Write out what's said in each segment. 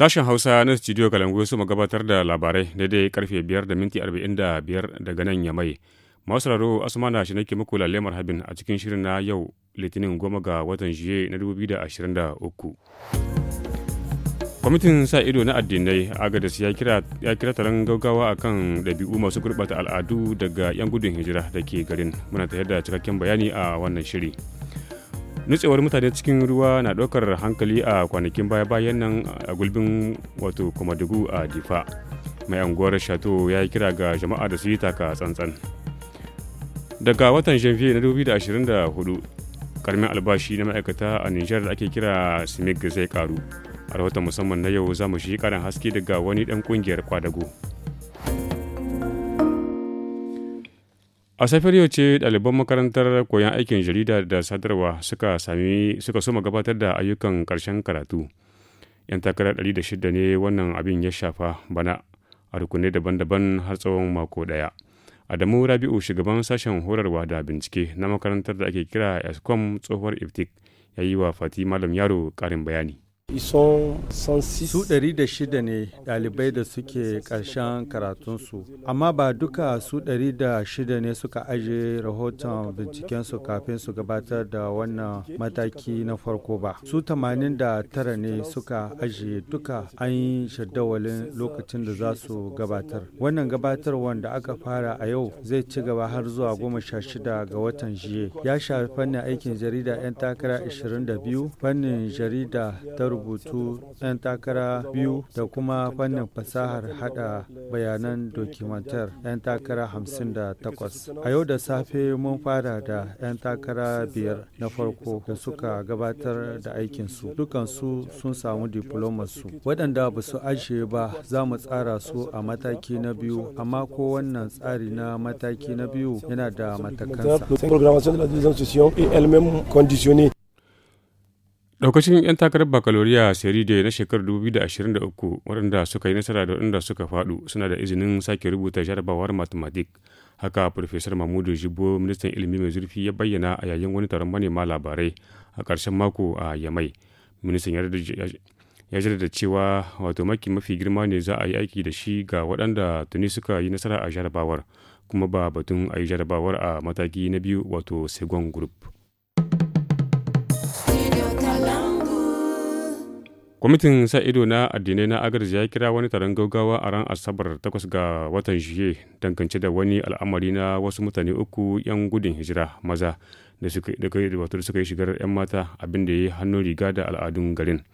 Sashen Hausa na Studio Kalangu su gabatar da labarai daidai karfe 5 da minti 45 daga nan ya mai. Masu raro Asmana shi nake muku lalle marhabin a cikin shirin na yau Litinin goma ga watan Juye na 2023. Kwamitin sa ido na addinai agadis ya kira taron gaugawa kan ɗabi'u masu gurɓata al'adu daga 'yan gudun hijira da ke garin muna tare da cikakken bayani a wannan shiri. nutsewar mutane cikin ruwa na ɗaukar hankali a kwanakin baya-bayan nan a gulbin wato komadugu a difa mai anguwar shato ya yi kira ga jama'a da su yi taka tsantsan daga watan janvier na 2024 karamin albashi na ma'aikata a niger da ake kira simig zai karu a rahoton musamman na yau za mu shi karin haske daga wani dan kungiyar kwadago. a safiyar yau ce ɗaliban makarantar koyon aikin jarida da sadarwa suka sami suka soma gabatar da ayyukan ƙarshen karatu yan takarar ɗari da shida ne wannan abin ya shafa bana a rukunai daban-daban har tsawon mako ɗaya adamu rabi'u shugaban sashen horarwa da bincike na makarantar da ake kira escom tsohuwar iftik ya yi wa fati malam yaro ƙarin bayani Su ɗari da shida ne ɗalibai da suke ƙarshen karatunsu, amma ba duka su ɗari da shida ne suka aje rahoton bincikensu kafin su gabatar da wannan mataki na farko ba. Su tamanin ne suka aje duka an yi shaddawalin lokacin da za su gabatar. Wannan gabatar wanda aka fara a yau zai ci gaba har zuwa goma sha ga watan jiye. Ya shafi fannin aikin jarida 'yan takara 22, fannin jarida ta rubutu ɗan takara biyu da kuma fannin fasahar hada bayanan dokimantar 'yan takara 58 a yau da safe mun fara da 'yan takara biyar na farko da suka gabatar da aikinsu dukansu sun samu su waɗanda ba su ajiye ba za mu tsara su a mataki na biyu amma ko wannan tsari na mataki na biyu yana da matakansa daukacin 'yan takarar bakaloriya seride na shekarar 2023 waɗanda suka yi nasara da waɗanda suka faɗu suna da izinin sake rubuta jarabawar mathematic haka farfesar mahmudu jibo ministan ilimi mai zurfi ya bayyana a yayin wani taron manema labarai a ƙarshen mako a yamai ministan ya jaddada cewa wato maki mafi girma ne za a yi aiki da shi ga waɗanda tuni suka yi nasara a jarabawar kuma ba batun a jarabawar a mataki na biyu wato segon group kwamitin sa ido na addinai na agarji ya kira wani taron gaugawa a ran asabar takwas ga watan shiye dangance da wani al'amari na wasu mutane uku 'yan gudun hijira maza da suka yi shigar 'yan mata abin da ya yi hannun riga da al'adun garin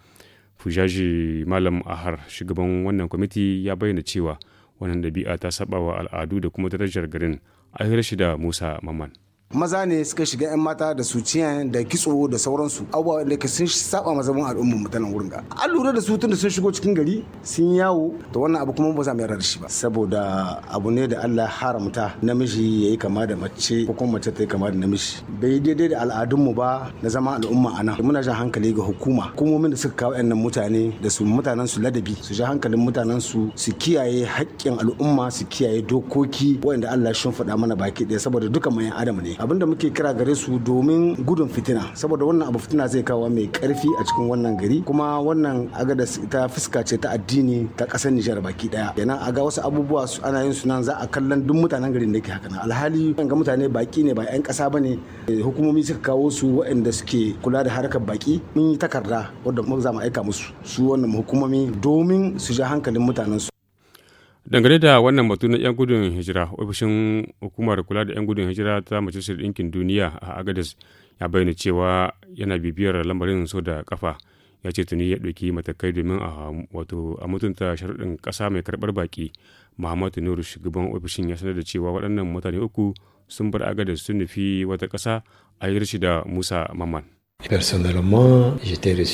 fujaji malam ahar shugaban wannan kwamiti ya bayyana cewa wannan dabi'a ta saba wa al'adu da kuma darajar garin a da musa maman maza ne suka shiga 'yan mata da su ciyan da kitso da sauransu abubuwa da ka sun saba mazabin al'ummar mutanen wurin ga an lura da su tun da sun shigo cikin gari sun yawo da wannan abu kuma ba za mu yarda da shi ba saboda abu ne da Allah haramta namiji yayi kama da mace ko kuma mace ta yi kama da namiji bai daidai da al'adun mu ba na zama al'umma ana muna jan hankali ga hukuma hukumomin da suka kawo 'yan mutane da su mutanen su ladabi su ja hankalin mutanen su su kiyaye haƙƙin al'umma su kiyaye dokoki wanda Allah ya shimfiɗa mana baki ɗaya saboda duka mai adam ne abin da muke kira gare su domin gudun fitina saboda wannan abu fitina zai kawo mai karfi a cikin wannan gari kuma wannan agada ta fuska ce ta addini ta kasar Nijar baki daya kenan aga wasu abubuwa ana yin su nan za a kallon duk mutanen garin da ke haka nan alhali ga mutane baki ne ba yan kasa bane eh, hukumomi suka kawo su waɗanda suke kula da harkar baki mun yi takarda wadda za mu aika musu su wannan hukumomi domin su ja hankalin mutanen su dangane da wannan batu na 'yan gudun hijira ofishin hukumar kula da 'yan gudun hijira ta majalisar ɗinkin duniya a agadis ya bayyana cewa yana bibiyar lamarin so da kafa ya ce tuni ya ɗauki matakai domin a wato a mutunta sharuɗin ƙasa mai karɓar baƙi muhammadu nuru shugaban ofishin ya sanar da cewa waɗannan mutane uku sun bar agadis sun nufi wata ƙasa a yi da musa maman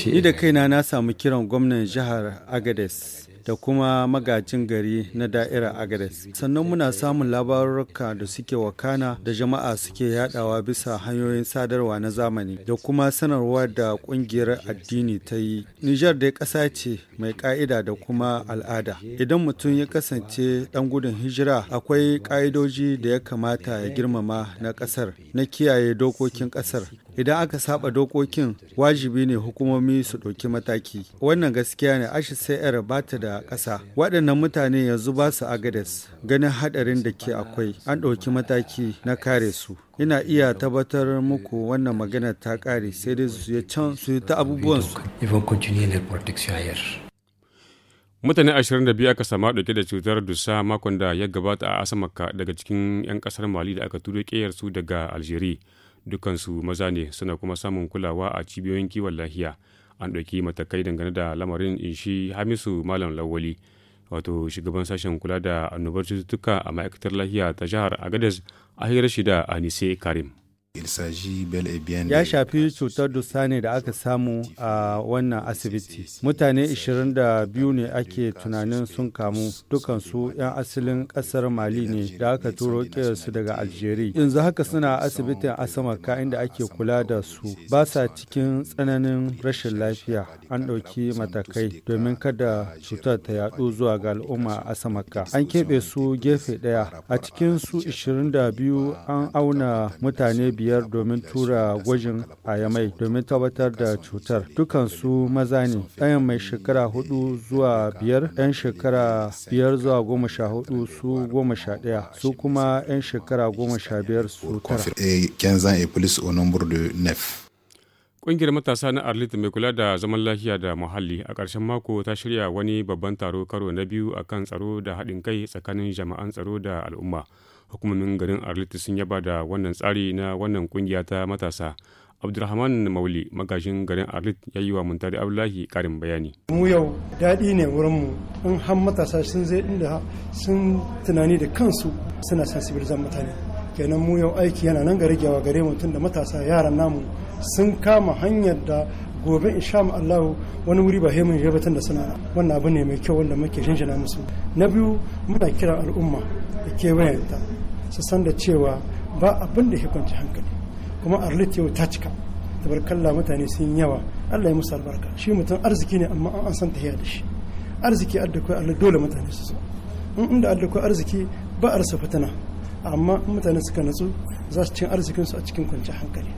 Ni da kaina na samu kiran gwamnan jihar Agades da kuma magajin gari na da'ira Agades. Sannan muna samun labaruka da suke wakana da jama'a suke yadawa bisa hanyoyin sadarwa na zamani da kuma sanarwa da kungiyar addini ta yi. Nijar dai ƙasa ce mai ka'ida da kuma al'ada. Idan mutum ya kasance ɗan gudun hijira akwai ƙa'idoji da ya kamata ya girmama na ƙasar na kiyaye dokokin ƙasar idan aka saba dokokin wajibi ne hukumomi su ɗauki mataki wannan gaskiya ne ashi sayar ba ta da ƙasa waɗannan mutane yanzu ba su agades ganin haɗarin da ke akwai an ɗauki mataki na kare su ina iya tabbatar muku wannan magana ta ƙare sai dai su ya can su yi ta abubuwansu mutane 22 aka sama dauke da cutar dusa makon da ya gabata a asamaka daga cikin 'yan kasar mali da aka turo su daga algeria dukansu maza ne suna kuma samun kulawa a cibiyoyin kiwon lafiya an ɗauki matakai dangane da lamarin shi hamisu malam lawali wato shugaban sashen kula da annobar cututtuka a ma'aikatar lafiya ta jihar agadez a hirar shida a nise karim E ya shafi cutar dusa ne da aka samu a wannan asibiti. Mutane 22 ne ake tunanin sun kamu dukansu 'yan asalin kasar Mali ne da aka turo su daga Aljeri. Yanzu haka suna asibitin Asamaka inda ake kula da su. Ba sa cikin tsananin rashin lafiya. An ɗauki matakai domin kada cutar ta yaɗu zuwa ga al'umma a Asamaka. An keɓe su gefe ɗaya. A cikin su 22 an auna mutane biyu biyar domin tura gwajin a yamai domin tabbatar da cutar dukansu maza ne ɗayan mai shekara hudu zuwa biyar yan shekara biyar zuwa goma sha hudu su goma sha ɗaya su kuma yan shekara goma sha biyar su tara Ƙungiyar matasa na Arlit mai kula da zaman lafiya da muhalli a ƙarshen mako ta shirya wani babban taro karo na biyu a kan tsaro da haɗin kai tsakanin jama'an tsaro da al'umma. hukumomin garin arlit sun yaba da wannan tsari na wannan kungiya ta matasa abdulrahman mauli magajin garin arlit ya yi wa muntari abdullahi karin bayani mu yau daɗi ne wurinmu in har matasa sun zai inda sun tunani da kansu suna sensibilizan mutane kenan mu yau aiki yana nan gare gyawa gare mutum da matasa yaran namu sun kama hanyar da gobe in sha Allahu wani wuri ba ba jabatar da suna wannan abu ne mai kyau wanda muke jinjina musu na biyu muna kiran al'umma da kewayenta su san da cewa ba abin da ya kwanci hankali kuma arlit yau ta cika da tabarkalla mutane sun yawa Allah ya musu albarka shi mutum arziki ne amma an san tahiya da shi arziki adda kai Allah dole mutane su so in inda adda kai arziki ba a rasa fitina amma in mutane suka natsu za su cin arzikin su a cikin kwanciyar hankali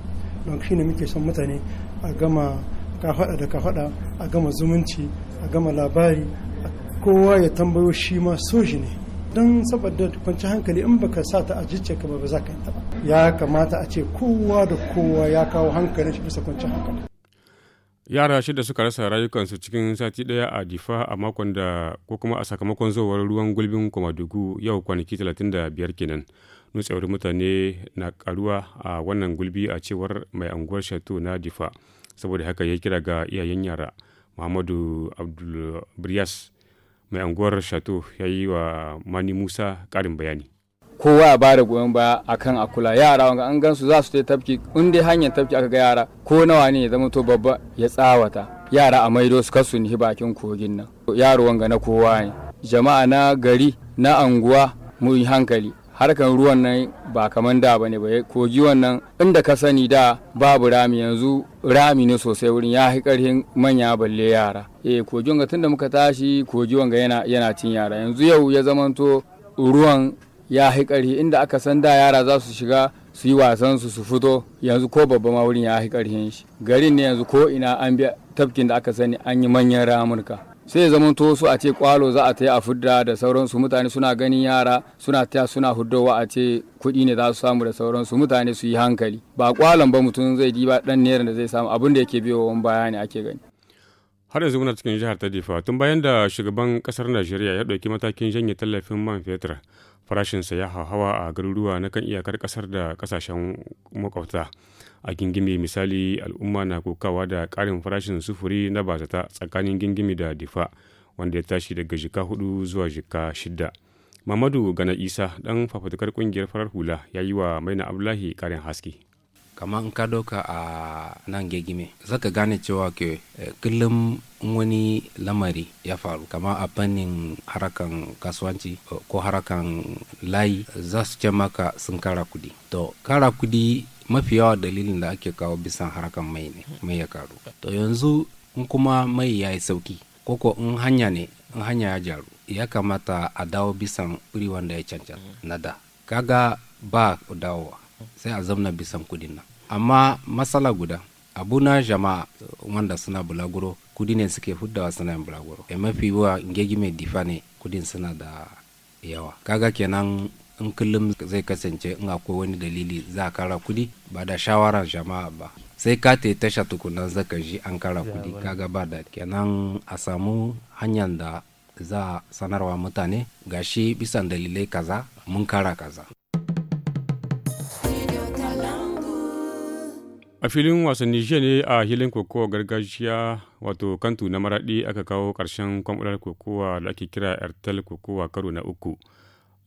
don shi ne muke son mutane a gama kafaɗa da kafaɗa a gama zumunci a gama labari kowa ya tambayo shi ma soji ne don saboda kwanci hankali in baka sa ta a ka ba za ka yi ba ya kamata a ce kowa da kowa ya kawo hankali shi bisa kwanci hankali yara shida suka rasa rayukansu cikin sati daya a difa a makon da ko kuma a sakamakon zowar ruwan gulbin komadugu yau kwanaki talatin da biyar kenan nutsewar mutane na karuwa a wannan gulbi a cewar mai anguwar shato na difa saboda haka ya kira ga iyayen yara muhammadu abdul mai anguwar shato ya yi wa mani musa karin bayani kowa ya bada goyon baya akan a kula yara wanga an gansu za su ta tafki in dai hanyar tafki aka ga yara ko nawa ne ya zama to babba ya tsawata yara a maido su kasu ni bakin kogin nan yaro wanga na kowa ne jama'a na gari na anguwa mu yi hankali harkan ruwan nan ba kaman da bane ba kogi wannan inda ka sani da babu rami yanzu rami ne sosai wurin ya fi ƙarfin manya balle yara eh kogin ga tunda muka tashi kogi wanga yana cin yara yanzu yau ya zamanto ruwan ya fi ƙarfi inda aka san da yara za su shiga su yi wasan su su fito yanzu ko babba ma wurin ya fi ƙarfin shi garin ne yanzu ko ina an bi tafkin da aka sani an yi manyan ramurka sai zaman to su a ce kwalo za a ta a fudda da sauransu mutane suna ganin yara suna taya suna huddowa a ce kuɗi ne za su samu da sauransu mutane su yi hankali ba kwalon ba mutum zai diba dan neran da zai samu abin da yake biyo wani baya ne ake gani har yanzu muna cikin jihar ta difa tun bayan da shugaban kasar najeriya ya ɗauki matakin janye tallafin man fetur farashinsa ya hauhawa a garuruwa na kan iyakar kasar da kasashen makwabta a gingimi misali al'umma na kokawa da ƙarin farashin sufuri na bazata tsakanin gingimi da difa wanda ya tashi daga jika hudu zuwa jika shida mamadu gana isa ɗan fafutukar ƙungiyar farar hula ya yi wa maina abdullahi ƙarin haske kamar in ka dauka a nan gegime ka gane cewa ke eh, kullum wani lamari ya faru kama a fannin harakan kasuwanci eh, ko harakan layi za su ce maka sun kara kudi to kara kudi mafi yawa dalilin da ake kawo bisan harakan mai ne mai ya karu to yanzu in kuma mai ya yi sauki koko in hanya ne in hanya ya jaru ya kamata a dawo bisan wanda ya cancanta na da kaga ba dawowa sai a zamna bisan kudin nan amma matsala guda abu na jama'a wanda suna bulaguro kudi ne suke huddawa suna yin bulaguro e mafi wa ngegi mai difa ne kudin suna da yawa kaga kenan in kullum zai kasance in akwai wani dalili za a kara kudi ba da shawarar jama'a ba sai ka te tasha tukunan zaka ji an kara kudi kaga ba da kenan a samu hanyar da za sanarwa mutane gashi bisan dalilai kaza mun kara kaza a filin wasanni jiya ne a hilin kokowa gargajiya wato kantu na maraɗi aka kawo ƙarshen kwamfular kokowa da ake kira ertel kokowa karo na uku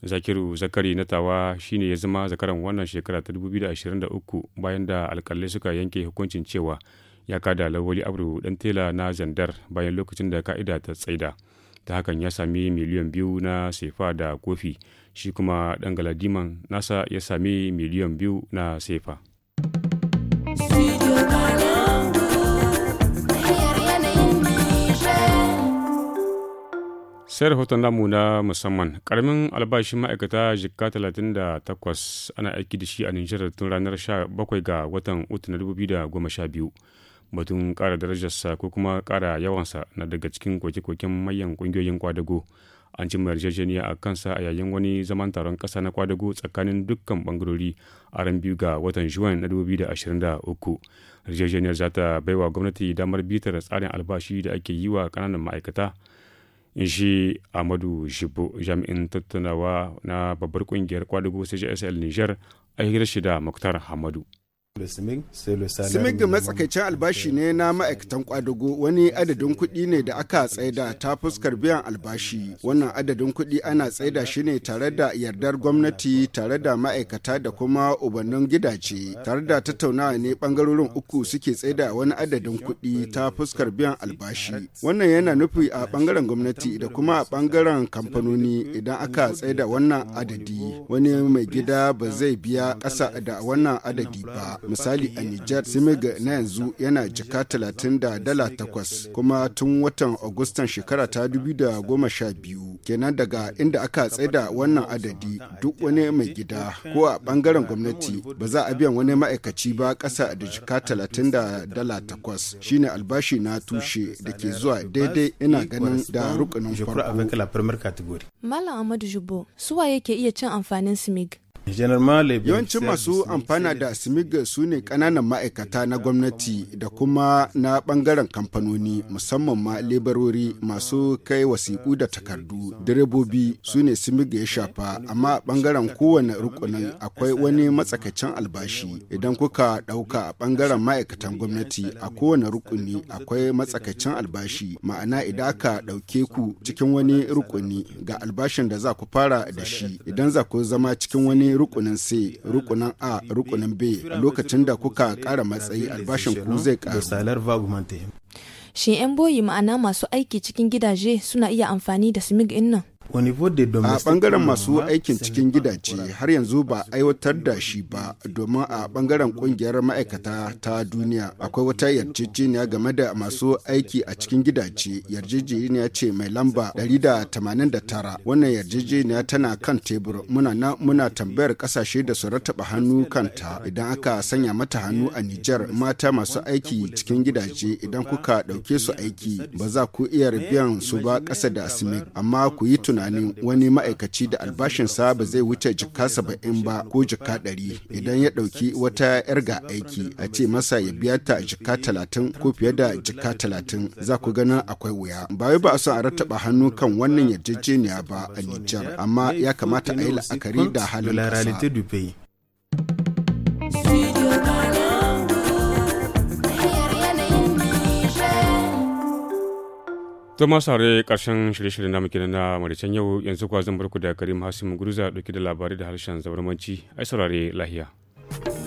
zakiru zakari na tawa shine ya zama zakaran wannan shekara ta 2023 bayan da alƙalai suka yanke hukuncin cewa ya kada lawali abu dan tela na zandar bayan lokacin da ka'ida ta tsaida ta hakan ya sami miliyan biyu na sefa da kofi shi kuma dan galadiman nasa ya sami miliyan biyu na sefa sai rahoton namu na musamman karamin albashin ma'aikata jikka takwas ana aiki da shi a nijar tun ranar 17 ga watan uku na 2012 batun kara darajarsa ko kuma kara yawansa na daga cikin koke-koken mayan kungiyoyin kwadago an cimma yarjejeniya a kansa a yayin wani zaman taron kasa na kwadago tsakanin dukkan bangarori a ran biyu ga watan juwan na 2023 yarjejeniyar za ta baiwa gwamnati damar bitar tsarin albashi da ake yi wa kananan ma'aikata in shi amadu shibo jami'in tattaunawa na babbar kungiyar kwadago cjsl niger a hirar shida muktar hamadu Simik da matsakaicin albashi ne na ma'aikatan kwadago wani adadin kuɗi ne da aka tsaida ta fuskar biyan albashi. Wannan adadin kuɗi ana tsaida shi ne tare da yardar gwamnati tare da ma'aikata da kuma ubannin gidaje. Tare da tattaunawa ne ɓangarorin uku suke tsaida wani adadin kuɗi ta fuskar biyan albashi. Wannan yana nufi a ɓangaren gwamnati da kuma a ɓangaren kamfanoni idan aka tsaida wannan adadi. Wani mai gida ba zai biya ƙasa da wannan adadi ba. misali a Nijar Simig na yanzu yana jika talatin da dala takwas kuma tun watan Agustan shekara ta da goma sha biyu kenan daga inda aka tsaida wannan adadi duk wani mai gida ko a bangaren gwamnati ba za a biyan wani ma'aikaci ba kasa da jika talatin da dala takwas shine albashi na tushe da ke zuwa daidai ina ganin da rukunin farko. Malam Ahmadu Jubo, suwa yake iya cin amfanin Simig? Yawancin masu amfana da Smigel su ne kananan ma'aikata na gwamnati da kuma na ɓangaren kamfanoni musamman ma lebarori masu kai wasiƙu da takardu. Direbobi su ne Smigel ya shafa amma ɓangaren kowane rukunin akwai wani matsakaicin albashi. Idan kuka ɗauka a bangaren ma'aikatan gwamnati a kowane rukuni akwai matsakaicin albashi ma'ana idan aka ɗauke ku cikin wani rukuni ga albashin da za ku fara da shi idan za ku zama cikin wani rukunin C, rukunin A, rukunin B lokacin da kuka ƙara matsayi albashin ku zai ƙaru. Shin 'yan boyi ma'ana masu aiki cikin gidaje suna iya amfani da simig nan? a bangaren masu aikin cikin gidaje har yanzu ba aiwatar da shi ba domin a bangaren kungiyar ma'aikata ta duniya akwai wata yarjejeniya game da masu aiki a cikin gidaje yarjejeniya ce mai lamba 189 wannan yarjejeniya tana kan tebur muna na muna tambayar kasashe da su rataba hannu kanta idan aka sanya mata hannu a Nijar mata masu aiki cikin gidaje idan kuka dauke su aiki ba za ku iya biyan su ba kasa da asimi amma ku yi tun tunanin wani ma'aikaci da albashinsa ba zai wuce jika saba'in ba ko jika ɗari idan ya ɗauki wata yar ga aiki a ce masa ya biya ta jika talatin ko fiye da jika talatin za ku ganin akwai wuya ba ba a son a rattaba hannu kan wannan yarjejeniya ba a Nijar amma ya kamata a yi la'akari da halin ƙasa. Thomas sare karshen shirye-shiryen da muke na maricen yau yanzu kwa zan barku da Karim Hasim Guruza dauke da labarai da harshen zabarmanci ai saurare lahiya.